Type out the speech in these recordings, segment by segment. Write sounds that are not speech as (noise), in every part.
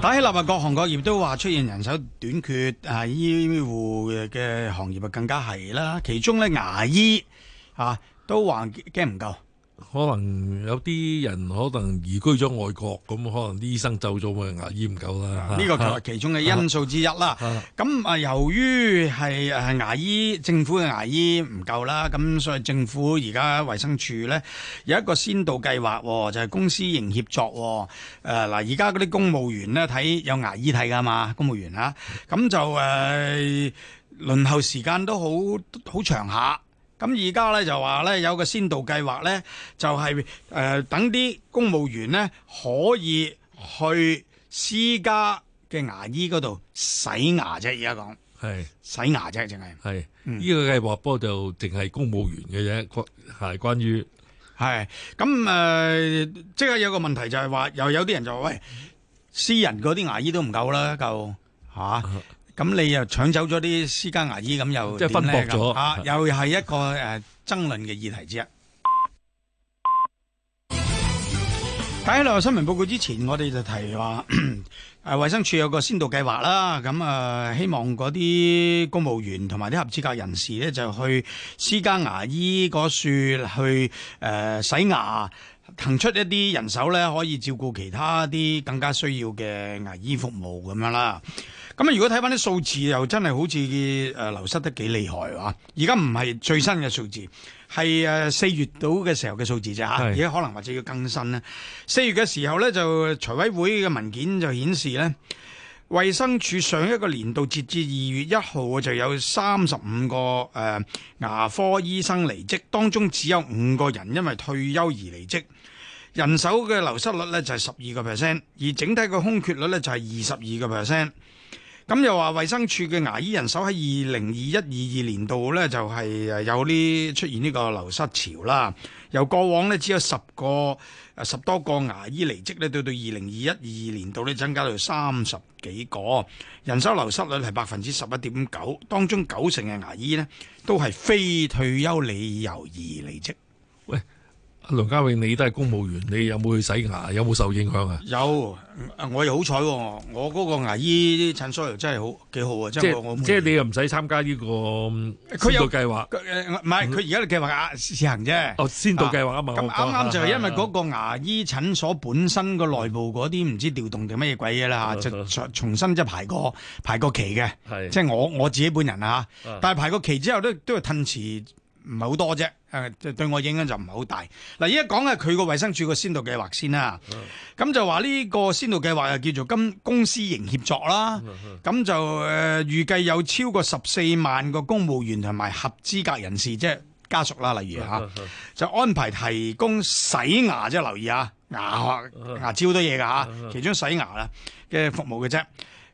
打起立啊！各行各業都話出現人手短缺，啊，醫護嘅行業啊更加係啦。其中咧牙醫啊都話驚唔夠。可能有啲人可能移居咗外國，咁可能啲醫生走咗，牙醫唔夠啦。呢、啊呢個就係其中嘅因素之一啦。咁啊，啊由於係牙醫，政府嘅牙醫唔夠啦，咁所以政府而家衛生署咧有一個先導計劃，就係、是、公私營協作。誒、呃、嗱，而家嗰啲公務員呢，睇有牙醫睇㗎嘛，公務員啊，咁就誒、呃、輪候時間都好好長下。咁而家咧就話咧有個先導計劃咧、就係，就係誒等啲公務員咧可以去私家嘅牙醫嗰度洗牙啫，而家講係洗牙啫，淨係係呢個計劃，不過就淨係公務員嘅啫，關係關於係咁誒，即係、呃、有個問題就係話又有啲人就話喂，私人嗰啲牙醫都唔夠啦，夠、啊咁你又搶走咗啲私家牙醫，咁又即分薄咗啊！是又係一個誒爭論嘅議題之一。睇下 (music) 新聞報告之前，我哋就提話誒、 (coughs) 啊，衛生署有個先導計劃啦。咁啊，希望嗰啲公務員同埋啲合資格人士呢，就去私家牙醫嗰處去、呃、洗牙，騰出一啲人手呢可以照顧其他啲更加需要嘅牙醫服務咁樣啦。咁啊！如果睇翻啲數字，又真係好似誒流失得幾厲害啊！而家唔係最新嘅數字，係四月到嘅時候嘅數字啫嚇，而家可能或者要更新。四是月嘅時候呢就財委會嘅文件就顯示呢衛生署上一個年度截至二月一號，就有三十五個誒、呃、牙科醫生離職，當中只有五個人因為退休而離職，人手嘅流失率呢，就係十二個 percent，而整體嘅空缺率呢，就係二十二個 percent。咁又話，衛生署嘅牙醫人手喺二零二一二二年度呢，就係有啲出現呢個流失潮啦。由過往呢，只有十個，十多個牙醫離職呢，到到二零二一二二年度呢，增加到三十幾個，人手流失率係百分之十一點九，當中九成嘅牙醫呢，都係非退休理由而離職。喂。梁家永，你都係公務員，你有冇去洗牙？有冇受影響啊？有，我又好彩，我嗰個牙醫診所又真係好幾好啊！即係即係你又唔使參加呢個先導計劃。誒唔係，佢而家嘅計劃試、嗯、行啫。我、哦、先導計劃啊嘛。咁啱啱就係因為嗰個牙醫診所本身個內部嗰啲唔知調動定乜嘢鬼嘢啦、啊、就重新即排過排過期嘅。即係的我我自己本人啊，啊但係排過期之後都都係褪遲。唔係好多啫，誒對我影響就唔係好大。嗱，而家講下佢個衛生署個先導計劃先啦，咁就話呢個先導計劃又叫做今公私營協作啦，咁就誒、呃、預計有超過十四萬個公務員同埋合資格人士，即係家屬啦，例如嚇，就安排提供洗牙，即係留意啊牙牙超多嘢㗎嚇，其中洗牙啊嘅服務嘅啫。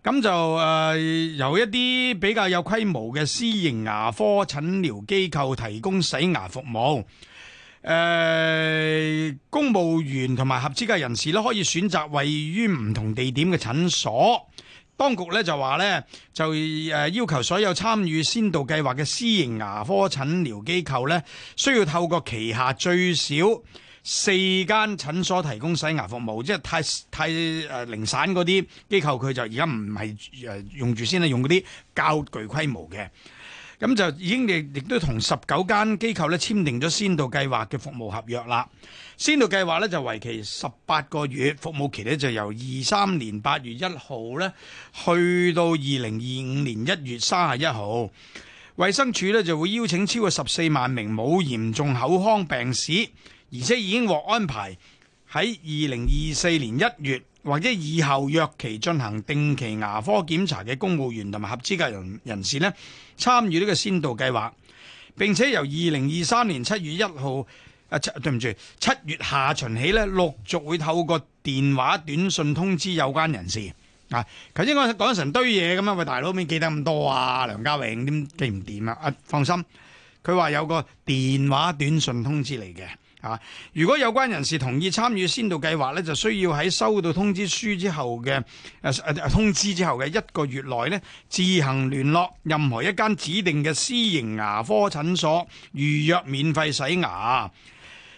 咁就誒、呃、由一啲比較有規模嘅私營牙科診療機構提供洗牙服務，誒、呃、公務員同埋合資格人士咧，可以選擇位於唔同地點嘅診所。當局咧就話呢，就要求所有參與先導計劃嘅私營牙科診療機構呢，需要透過旗下最少四間診所提供洗牙服務，即係太太誒、呃、零散嗰啲機構，佢就而家唔係誒用住先啦，用嗰啲較具規模嘅，咁就已經亦亦都同十九間機構咧簽訂咗先導計劃嘅服務合約啦。先導計劃咧就為期十八個月，服務期呢就由二三年八月一號咧去到二零二五年一月三十一號。衛生署呢就會邀請超過十四萬名冇嚴重口腔病史。而且已經獲安排喺二零二四年一月或者以後約期進行定期牙科檢查嘅公務員同埋合資格人人士咧，參與呢個先導計劃。並且由二零二三年七月一號啊，七對唔住七月下旬起呢陸續會透過電話短訊通知有關人士。啊，頭先我講成堆嘢咁啊，喂大佬點記得咁多啊？梁家榮點記唔掂啊？啊，放心，佢話有個電話短訊通知嚟嘅。啊！如果有關人士同意參與先導計劃呢，就需要喺收到通知書之後嘅、啊、通知之後嘅一個月內呢自行聯絡任何一間指定嘅私營牙科診所預約免費洗牙。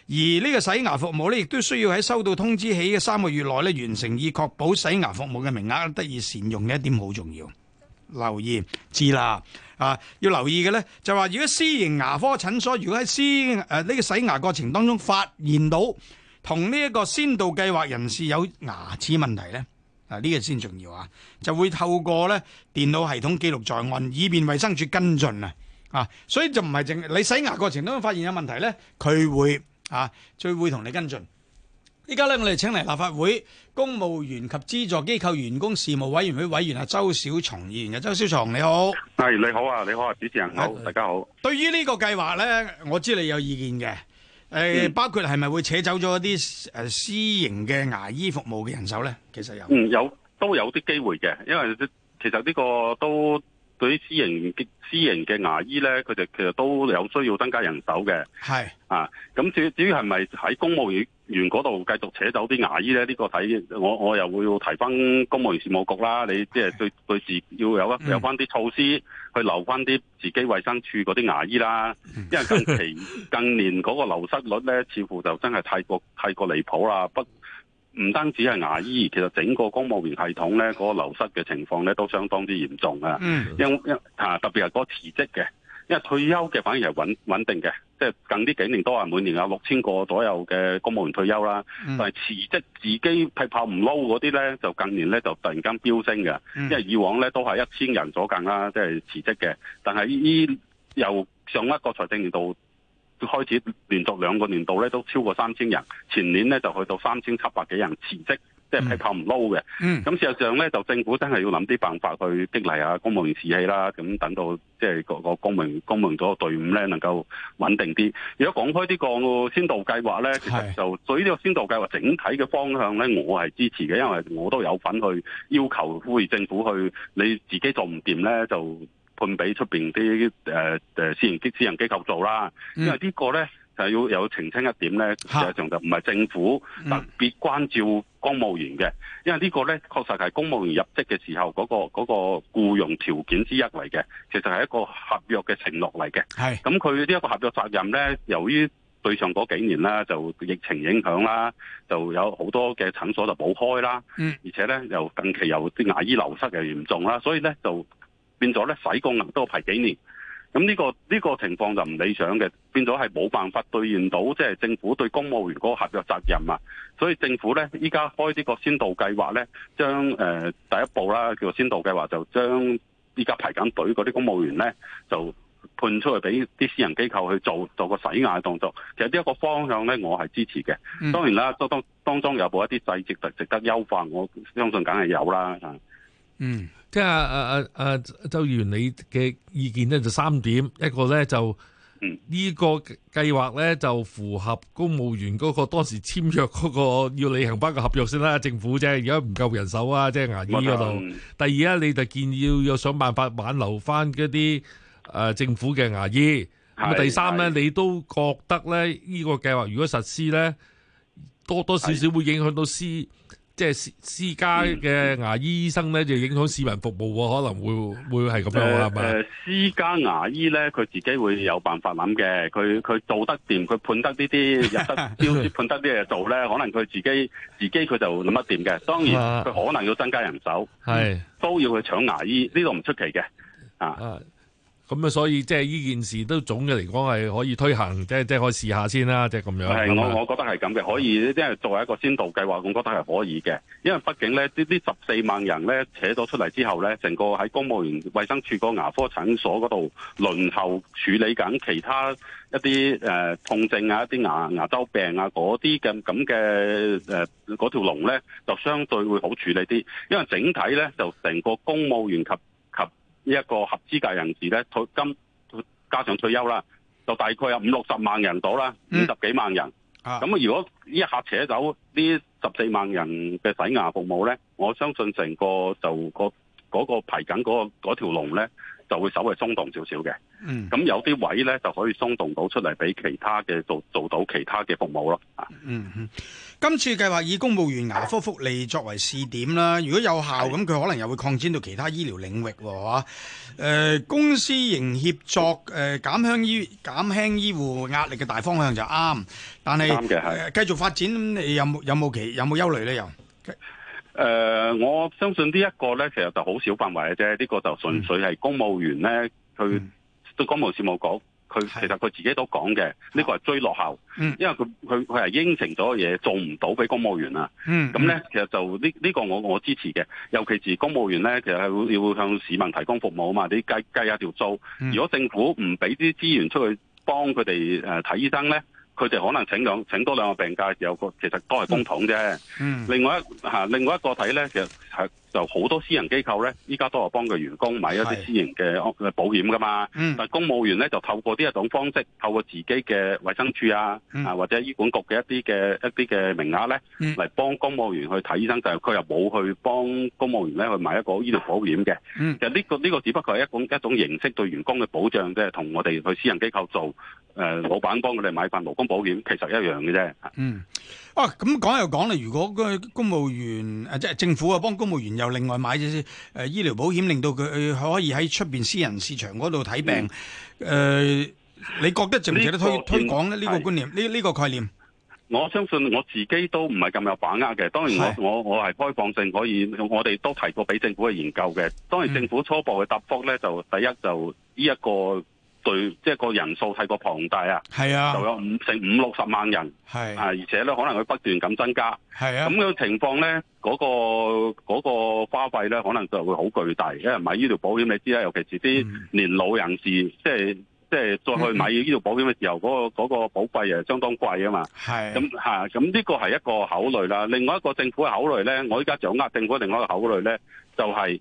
而呢個洗牙服務呢亦都需要喺收到通知起嘅三個月內呢完成，以確保洗牙服務嘅名額得以善用。呢一點好重要。留意知啦，啊，要留意嘅咧就話，如果私營牙科診所如果喺私，誒呢個洗牙過程當中發現到同呢一個先導計劃人士有牙齒問題咧，啊呢個先重要啊，就會透過咧電腦系統記錄在案，以便衛生署跟進啊，啊，所以就唔係淨你洗牙過程當中發現有問題咧，佢會啊，佢會同你跟進。依家咧，我哋請嚟立法會公務員及資助機構員工事務委員會委員阿周小松議員嘅，周小松你好，係你好啊，你好啊，主持人好，啊、大家好。對於呢個計劃咧，我知你有意見嘅，誒、呃，嗯、包括係咪會扯走咗一啲誒私營嘅牙醫服務嘅人手咧？其實有，有都有啲機會嘅，因為其實呢個都。對於私營嘅私營嘅牙醫咧，佢哋其實都有需要增加人手嘅。係是啊，咁至於至於係咪喺公務員嗰度繼續扯走啲牙醫咧？呢、這個睇我我又會提翻公務員事務局啦。你即係對是對自要有有翻啲措施，嗯、去留翻啲自己衛生處嗰啲牙醫啦，因為近期 (laughs) 近年嗰個流失率咧，似乎就真係太過太過離譜啦，不。唔單止係牙醫，其實整個公務員系統咧，嗰、那個流失嘅情況咧都相當之嚴重啊、嗯！因因啊，特別係嗰辭職嘅，因為退休嘅反而係穩定嘅，即、就、係、是、近啲幾年都係每年有六千個左右嘅公務員退休啦。嗯、但係辭職自己劈炮唔撈嗰啲咧，就近年咧就突然間飆升嘅，嗯、因為以往咧都係一千人左右啦，即係辭職嘅。但係呢，由上一個財政年度。開始連續兩個年度咧都超過三千人，前年咧就去到三千七百幾人辭職，即係靠唔撈嘅。咁、嗯、事實上咧，就政府真係要諗啲辦法去激勵下公務員士氣啦。咁等到即係個個公務員公務員嗰個隊伍咧能夠穩定啲。如果講開呢個先導計劃咧，是其實就對呢個先導計劃整體嘅方向咧，我係支持嘅，因為我都有份去要求呼籲政府去，你自己做唔掂咧就。判俾出邊啲誒私人機私人機構做啦，因為呢個咧就要有澄清一點咧，實際上就唔係政府特別關照公務員嘅，因為呢個咧確實係公務員入職嘅時候嗰個嗰個僱用條件之一嚟嘅，其實係一個合約嘅承諾嚟嘅。咁是，佢呢一個合約責任咧，由於對上嗰幾年啦，就疫情影響啦，就有好多嘅診所就冇開啦，嗯、而且咧又近期又啲牙醫流失又嚴重啦，所以咧就。變咗咧，使功能多排幾年，咁呢、這個呢、這個情況就唔理想嘅，變咗係冇辦法兌現到，即、就、係、是、政府對公務員嗰個合約責任啊。所以政府咧，依家開啲個先導計劃咧，將誒、呃、第一步啦，叫做先導計劃，就將依家排緊隊嗰啲公務員咧，就判出去俾啲私人機構去做做個洗牙嘅動作。其實呢一個方向咧，我係支持嘅、嗯。當然啦，當當當中有冇一啲細節值值得優化，我相信梗係有啦。嗯，即係誒誒誒，周議員你嘅意見咧就三點，一個咧就呢個計劃咧就符合公務員嗰個當時簽約嗰個要履行翻個合約先啦，政府啫，而家唔夠人手啊，即係牙醫嗰度。第二咧，你就建議要想辦法挽留翻一啲誒政府嘅牙醫。咁啊的，第三咧，的你都覺得咧呢個計劃如果實施咧，多多少少會影響到私。即係私家嘅牙醫醫生咧，就影響市民服務，可能會會係咁樣啊誒，呃、吧私家牙醫咧，佢自己會有辦法諗嘅。佢佢做得掂，佢判得呢啲入得標判得啲嘢做咧， (laughs) 可能佢自己自己佢就諗得掂嘅。當然，佢可能要增加人手，係都要去搶牙醫，呢度唔出奇嘅啊。啊。咁啊、嗯，所以即係呢件事都總嘅嚟講，係可以推行，即係即係可以試下先啦，即係咁樣，係我的樣我覺得係咁嘅，可以即係的作為一個先導計劃，我覺得係可以嘅。因為畢竟咧，呢啲十四萬人咧扯咗出嚟之後咧，成個喺公務員衛生署個牙科診所嗰度輪候處理緊其他一啲誒、呃、痛症啊、一啲牙牙周病啊嗰啲嘅咁嘅誒嗰條龍咧，就相對會好處理啲。因為整體咧就成個公務員及呢一個合資格人士咧，退金加上退休啦，就大概有五六十萬人到啦，五十幾萬人。咁如果一下扯走呢十四萬人嘅洗牙服務咧，我相信成個就個嗰個排緊嗰、嗰個嗰條龍咧，就會稍微鬆動少少嘅。嗯，咁有啲位呢，就可以鬆動到出嚟，俾其他嘅做做到其他嘅服務咯。嗯嗯，今次計劃以公務員牙科福，福利作為試點啦，是如果有效，咁佢可能又會擴展到其他醫療領域喎。嚇、呃，公私營協作誒、呃、減輕醫減輕醫護壓力嘅大方向就啱，但係、呃、繼續發展，你有冇有冇其有冇憂慮呢？又誒、呃，我相信呢一個咧，其實就好少範圍嘅啫。呢、這個就純粹係公務員咧，佢對、嗯、公務員事務局，佢其實佢自己都講嘅，呢、這個係追落後，嗯、因為佢佢佢係應承咗嘢，做唔到俾公務員啊。咁咧、嗯，其實就呢呢、這個我我支持嘅，尤其是公務員咧，其實係要向市民提供服務啊嘛。你計計下條數，條租嗯、如果政府唔俾啲資源出去幫佢哋誒睇醫生咧？佢哋可能請兩請多兩個病假嘅時候，有個其實都係公帑啫。嗯、另外一嚇，另外一個睇咧，其實。就好多私人機構咧，依家都係幫佢員工買一啲私人嘅保險噶嘛。嗯、但係公務員咧就透過呢一種方式，透過自己嘅衛生署啊，啊、嗯、或者醫管局嘅一啲嘅一啲嘅名額咧，嚟幫、嗯、公務員去睇醫生，就係佢又冇去幫公務員咧去買一個醫療保險嘅。其實呢、嗯這個呢、這個只不過係一種一種形式對員工嘅保障，即係同我哋去私人機構做誒、呃、老闆幫佢哋買份勞工保險，其實一樣嘅啫、嗯啊。嗯，哇，咁講又講啦，如果個公務員即係、就是、政府啊幫公務員，公務員又另外買咗誒醫療保險，令到佢可以喺出邊私人市場嗰度睇病。誒、嗯呃，你覺得值唔值得推這推廣咧？呢個觀念，呢呢的個概念，我相信我自己都唔係咁有把握嘅。當然我，是的我我我係開放性，可以我哋都提過俾政府去研究嘅。當然，政府初步嘅答覆咧，就第一就呢、這、一個。對，即係個人數太過龐大啊，係啊，就有五成五六十萬人，係啊，而且咧可能會不斷咁增加，係啊，咁樣情況咧，嗰、那個嗰、那個花費咧，可能就會好巨大，因為買醫療保險你知啦，尤其是啲年老人士，嗯、即係即係再去買醫療保險嘅時候，嗰、那個嗰、那個保費啊相當貴啊嘛，係、啊，咁吓，咁呢個係一個考慮啦，另外一個政府嘅考慮咧，我依家掌握政府嘅另外一個考慮咧，就係、是。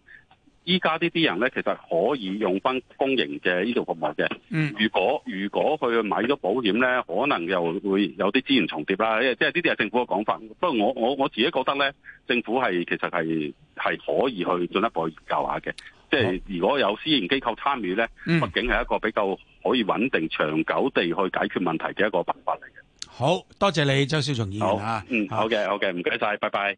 依家呢啲人咧，其實可以用翻公營嘅醫療服務嘅、嗯。如果如果佢買咗保險咧，可能又會有啲資源重疊啦。即係呢啲係政府嘅講法。不過我我我自己覺得咧，政府係其實係係可以去進一步研究下嘅。即係好如果有私人機構參與咧，畢竟係一個比較可以穩定、長久地去解決問題嘅一個辦法嚟嘅。好多謝你，周小松議員嚇。嗯，好嘅，好嘅，唔該晒，拜拜。